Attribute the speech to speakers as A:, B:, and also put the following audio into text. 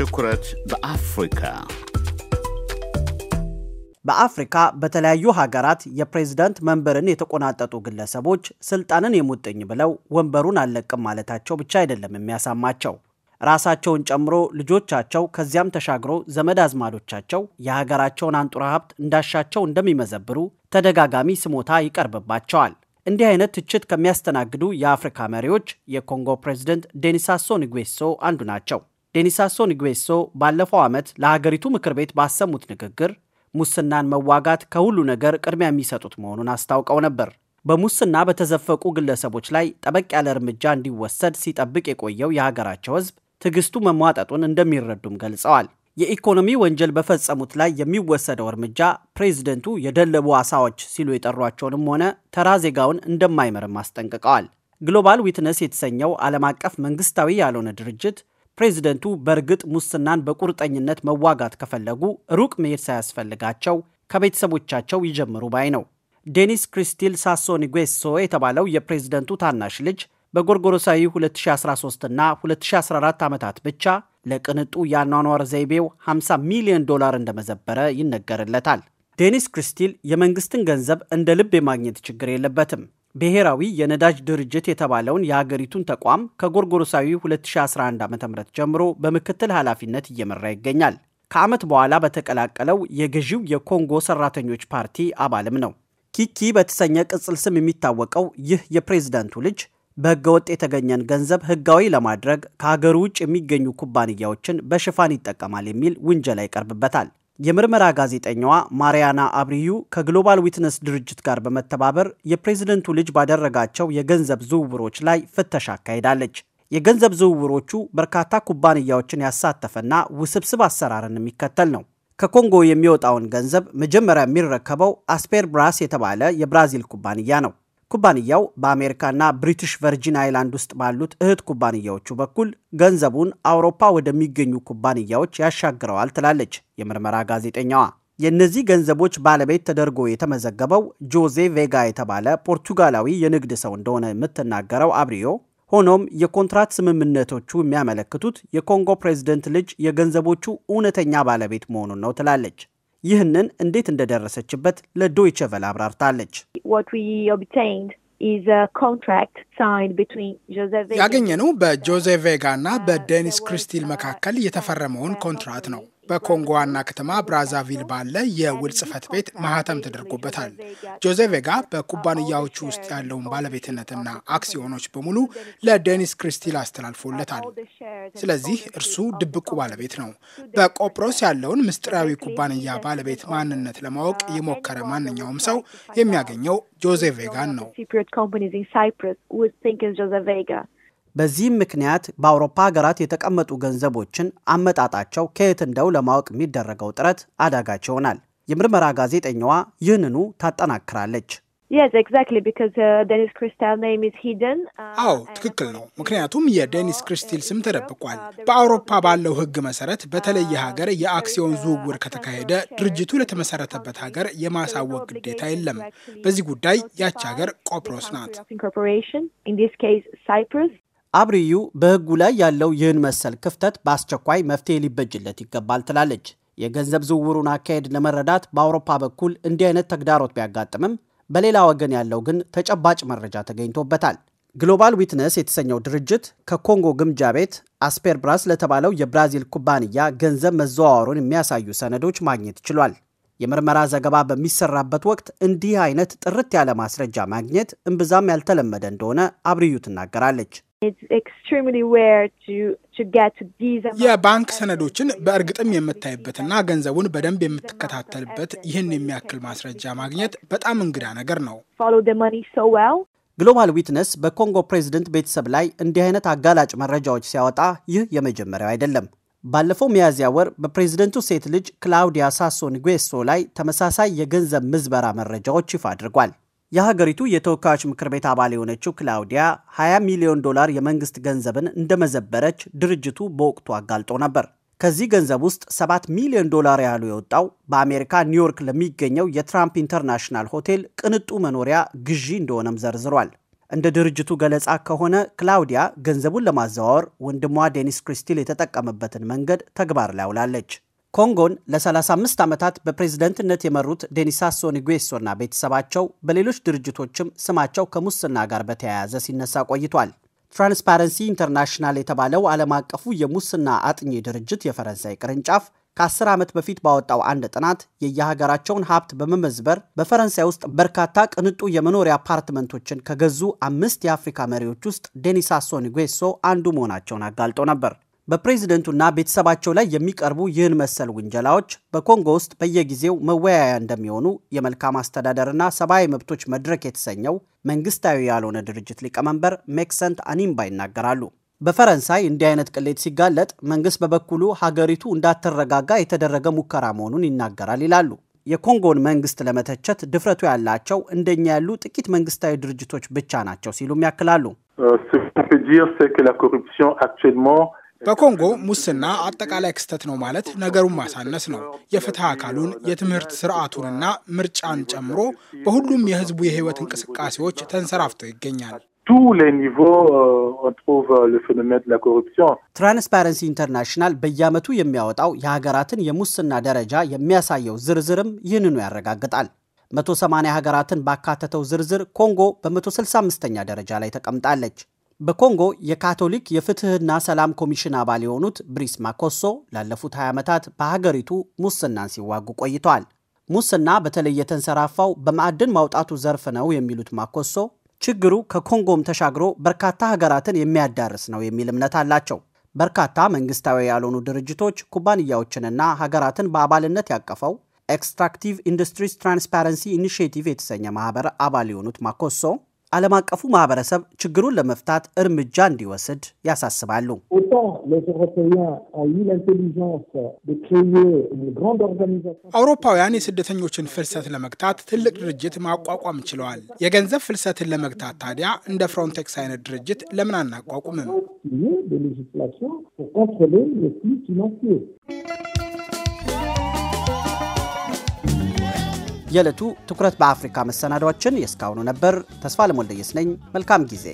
A: ትኩረት በአፍሪካ
B: በአፍሪካ በተለያዩ ሀገራት የፕሬዝዳንት መንበርን የተቆናጠጡ ግለሰቦች ስልጣንን የሙጥኝ ብለው ወንበሩን አልለቅም ማለታቸው ብቻ አይደለም የሚያሳማቸው። ራሳቸውን ጨምሮ ልጆቻቸው ከዚያም ተሻግሮ ዘመድ አዝማዶቻቸው የሀገራቸውን አንጡራ ሀብት እንዳሻቸው እንደሚመዘብሩ ተደጋጋሚ ስሞታ ይቀርብባቸዋል። እንዲህ አይነት ትችት ከሚያስተናግዱ የአፍሪካ መሪዎች የኮንጎ ፕሬዝደንት ዴኒስ ሳሶ ንጉዌሶ አንዱ ናቸው። ዴኒሳሶ ኒጉዌሶ ባለፈው ዓመት ለሀገሪቱ ምክር ቤት ባሰሙት ንግግር ሙስናን መዋጋት ከሁሉ ነገር ቅድሚያ የሚሰጡት መሆኑን አስታውቀው ነበር። በሙስና በተዘፈቁ ግለሰቦች ላይ ጠበቅ ያለ እርምጃ እንዲወሰድ ሲጠብቅ የቆየው የሀገራቸው ሕዝብ ትዕግስቱ መሟጠጡን እንደሚረዱም ገልጸዋል። የኢኮኖሚ ወንጀል በፈጸሙት ላይ የሚወሰደው እርምጃ ፕሬዚደንቱ የደለቡ አሳዎች ሲሉ የጠሯቸውንም ሆነ ተራ ዜጋውን እንደማይመርም አስጠንቅቀዋል። ግሎባል ዊትነስ የተሰኘው ዓለም አቀፍ መንግስታዊ ያልሆነ ድርጅት ፕሬዚደንቱ በእርግጥ ሙስናን በቁርጠኝነት መዋጋት ከፈለጉ ሩቅ መሄድ ሳያስፈልጋቸው ከቤተሰቦቻቸው ይጀምሩ ባይ ነው። ዴኒስ ክሪስቲል ሳሶኒ የተባለው የፕሬዝደንቱ ታናሽ ልጅ በጎርጎሮሳዊ 2013 እና 2014 ዓመታት ብቻ ለቅንጡ የአኗኗር ዘይቤው 50 ሚሊዮን ዶላር እንደመዘበረ ይነገርለታል። ዴኒስ ክሪስቲል የመንግስትን ገንዘብ እንደ ልብ የማግኘት ችግር የለበትም። ብሔራዊ የነዳጅ ድርጅት የተባለውን የሀገሪቱን ተቋም ከጎርጎሮሳዊ 2011 ዓ ም ጀምሮ በምክትል ኃላፊነት እየመራ ይገኛል። ከዓመት በኋላ በተቀላቀለው የገዢው የኮንጎ ሰራተኞች ፓርቲ አባልም ነው። ኪኪ በተሰኘ ቅጽል ስም የሚታወቀው ይህ የፕሬዝደንቱ ልጅ ወጥ የተገኘን ገንዘብ ህጋዊ ለማድረግ ከሀገር ውጭ የሚገኙ ኩባንያዎችን በሽፋን ይጠቀማል የሚል ውንጀላ ይቀርብበታል። የምርመራ ጋዜጠኛዋ ማሪያና አብሪዩ ከግሎባል ዊትነስ ድርጅት ጋር በመተባበር የፕሬዝደንቱ ልጅ ባደረጋቸው የገንዘብ ዝውውሮች ላይ ፍተሻ አካሄዳለች። የገንዘብ ዝውውሮቹ በርካታ ኩባንያዎችን ያሳተፈና ውስብስብ አሰራርን የሚከተል ነው። ከኮንጎ የሚወጣውን ገንዘብ መጀመሪያ የሚረከበው አስፔር ብራስ የተባለ የብራዚል ኩባንያ ነው። ኩባንያው በአሜሪካና ብሪቲሽ ቨርጂን አይላንድ ውስጥ ባሉት እህት ኩባንያዎቹ በኩል ገንዘቡን አውሮፓ ወደሚገኙ ኩባንያዎች ያሻግረዋል ትላለች የምርመራ ጋዜጠኛዋ። የእነዚህ ገንዘቦች ባለቤት ተደርጎ የተመዘገበው ጆዜ ቬጋ የተባለ ፖርቱጋላዊ የንግድ ሰው እንደሆነ የምትናገረው አብሪዮ ሆኖም የኮንትራት ስምምነቶቹ የሚያመለክቱት የኮንጎ ፕሬዝደንት ልጅ የገንዘቦቹ እውነተኛ ባለቤት መሆኑን ነው ትላለች። ይህንን እንዴት እንደደረሰችበት ለዶይቸ ቨለ አብራርታለች። ያገኘነው
A: በጆዜ ቬጋ እና በዴኒስ ክሪስቲል መካከል የተፈረመውን ኮንትራት ነው። በኮንጎ ዋና ከተማ ብራዛቪል ባለ የውል ጽፈት ቤት ማህተም ተደርጎበታል። ጆዜ ቬጋ በኩባንያዎቹ ውስጥ ያለውን ባለቤትነትና አክሲዮኖች በሙሉ ለዴኒስ ክሪስቲል አስተላልፎለታል። ስለዚህ እርሱ ድብቁ ባለቤት ነው። በቆጵሮስ ያለውን ምስጢራዊ ኩባንያ ባለቤት ማንነት ለማወቅ የሞከረ ማንኛውም ሰው የሚያገኘው ጆዜ ቬጋን ነው።
B: በዚህም ምክንያት በአውሮፓ ሀገራት የተቀመጡ ገንዘቦችን አመጣጣቸው ከየት እንደው ለማወቅ የሚደረገው ጥረት አዳጋች ይሆናል። የምርመራ ጋዜጠኛዋ ይህንኑ ታጠናክራለች።
A: uh, uh,
B: አዎ ትክክል ነው። ምክንያቱም
A: የዴኒስ ክሪስቲል ስም ተደብቋል። uh, በአውሮፓ ባለው ሕግ መሰረት በተለየ ሀገር የአክሲዮን ዝውውር ከተካሄደ ድርጅቱ ለተመሰረተበት ሀገር የማሳወቅ ግዴታ የለም። በዚህ ጉዳይ
B: ያች ሀገር ቆጵሮስ ናት። አብርዩ በሕጉ ላይ ያለው ይህን መሰል ክፍተት በአስቸኳይ መፍትሄ ሊበጅለት ይገባል ትላለች። የገንዘብ ዝውውሩን አካሄድ ለመረዳት በአውሮፓ በኩል እንዲህ አይነት ተግዳሮት ቢያጋጥምም በሌላ ወገን ያለው ግን ተጨባጭ መረጃ ተገኝቶበታል። ግሎባል ዊትነስ የተሰኘው ድርጅት ከኮንጎ ግምጃ ቤት አስፔር ብራስ ለተባለው የብራዚል ኩባንያ ገንዘብ መዘዋወሩን የሚያሳዩ ሰነዶች ማግኘት ችሏል። የምርመራ ዘገባ በሚሰራበት ወቅት እንዲህ አይነት ጥርት ያለ ማስረጃ ማግኘት እምብዛም ያልተለመደ እንደሆነ አብርዩ ትናገራለች። የባንክ ሰነዶችን በእርግጥም የምታይበትና
A: ገንዘቡን በደንብ የምትከታተልበት ይህን የሚያክል ማስረጃ ማግኘት በጣም እንግዳ ነገር ነው።
B: ግሎባል ዊትነስ በኮንጎ ፕሬዝደንት ቤተሰብ ላይ እንዲህ አይነት አጋላጭ መረጃዎች ሲያወጣ ይህ የመጀመሪያው አይደለም። ባለፈው ሚያዝያ ወር በፕሬዝደንቱ ሴት ልጅ ክላውዲያ ሳሶ ንጌሶ ላይ ተመሳሳይ የገንዘብ ምዝበራ መረጃዎች ይፋ አድርጓል። የሀገሪቱ የተወካዮች ምክር ቤት አባል የሆነችው ክላውዲያ 20 ሚሊዮን ዶላር የመንግስት ገንዘብን እንደመዘበረች ድርጅቱ በወቅቱ አጋልጦ ነበር። ከዚህ ገንዘብ ውስጥ 7 ሚሊዮን ዶላር ያሉ የወጣው በአሜሪካ ኒውዮርክ ለሚገኘው የትራምፕ ኢንተርናሽናል ሆቴል ቅንጡ መኖሪያ ግዢ እንደሆነም ዘርዝሯል። እንደ ድርጅቱ ገለጻ ከሆነ ክላውዲያ ገንዘቡን ለማዘዋወር ወንድሟ ዴኒስ ክሪስቲል የተጠቀመበትን መንገድ ተግባር ላይ አውላለች። ኮንጎን ለ35 ዓመታት በፕሬዝደንትነት የመሩት ዴኒሳ ሳሶኒ ቤተሰባቸው በሌሎች ድርጅቶችም ስማቸው ከሙስና ጋር በተያያዘ ሲነሳ ቆይቷል። ትራንስፓረንሲ ኢንተርናሽናል የተባለው ዓለም አቀፉ የሙስና አጥኚ ድርጅት የፈረንሳይ ቅርንጫፍ ከ10 ዓመት በፊት ባወጣው አንድ ጥናት የየሀገራቸውን ሀብት በመመዝበር በፈረንሳይ ውስጥ በርካታ ቅንጡ የመኖሪያ አፓርትመንቶችን ከገዙ አምስት የአፍሪካ መሪዎች ውስጥ ዴኒሳ ሶኒጉሶ አንዱ መሆናቸውን አጋልጦ ነበር። በፕሬዝደንቱና ቤተሰባቸው ላይ የሚቀርቡ ይህን መሰል ውንጀላዎች በኮንጎ ውስጥ በየጊዜው መወያያ እንደሚሆኑ የመልካም አስተዳደርና ሰብአዊ መብቶች መድረክ የተሰኘው መንግስታዊ ያልሆነ ድርጅት ሊቀመንበር ሜክሰንት አኒምባ ይናገራሉ። በፈረንሳይ እንዲህ አይነት ቅሌት ሲጋለጥ መንግስት በበኩሉ ሀገሪቱ እንዳትረጋጋ የተደረገ ሙከራ መሆኑን ይናገራል ይላሉ። የኮንጎን መንግስት ለመተቸት ድፍረቱ ያላቸው እንደኛ ያሉ ጥቂት መንግስታዊ ድርጅቶች ብቻ ናቸው ሲሉም ያክላሉ። euh,
A: በኮንጎ ሙስና አጠቃላይ ክስተት ነው ማለት ነገሩን ማሳነስ ነው። የፍትህ አካሉን የትምህርት ስርዓቱንና ምርጫን ጨምሮ በሁሉም የህዝቡ የህይወት እንቅስቃሴዎች ተንሰራፍቶ ይገኛል።
B: ትራንስፓረንሲ ኢንተርናሽናል በየዓመቱ የሚያወጣው የሀገራትን የሙስና ደረጃ የሚያሳየው ዝርዝርም ይህንኑ ያረጋግጣል። 180 ሀገራትን ባካተተው ዝርዝር ኮንጎ በ165ኛ ደረጃ ላይ ተቀምጣለች። በኮንጎ የካቶሊክ የፍትህና ሰላም ኮሚሽን አባል የሆኑት ብሪስ ማኮሶ ላለፉት 20 ዓመታት በሀገሪቱ ሙስናን ሲዋጉ ቆይተዋል። ሙስና በተለይ የተንሰራፋው በማዕድን ማውጣቱ ዘርፍ ነው የሚሉት ማኮሶ ችግሩ ከኮንጎም ተሻግሮ በርካታ ሀገራትን የሚያዳርስ ነው የሚል እምነት አላቸው። በርካታ መንግስታዊ ያልሆኑ ድርጅቶች ኩባንያዎችንና ሀገራትን በአባልነት ያቀፈው ኤክስትራክቲቭ ኢንዱስትሪስ ትራንስፓረንሲ ኢኒሽቲቭ የተሰኘ ማህበር አባል የሆኑት ማኮሶ ዓለም አቀፉ ማህበረሰብ ችግሩን ለመፍታት እርምጃ እንዲወስድ ያሳስባሉ።
A: አውሮፓውያን የስደተኞችን ፍልሰት ለመግታት ትልቅ ድርጅት ማቋቋም ችለዋል። የገንዘብ ፍልሰትን ለመግታት ታዲያ እንደ ፍሮንቴክስ አይነት ድርጅት ለምን አናቋቁምም?
B: የዕለቱ ትኩረት በአፍሪካ መሰናዷችን የእስካሁኑ ነበር። ተስፋ ለሞልደየስ ነኝ። መልካም ጊዜ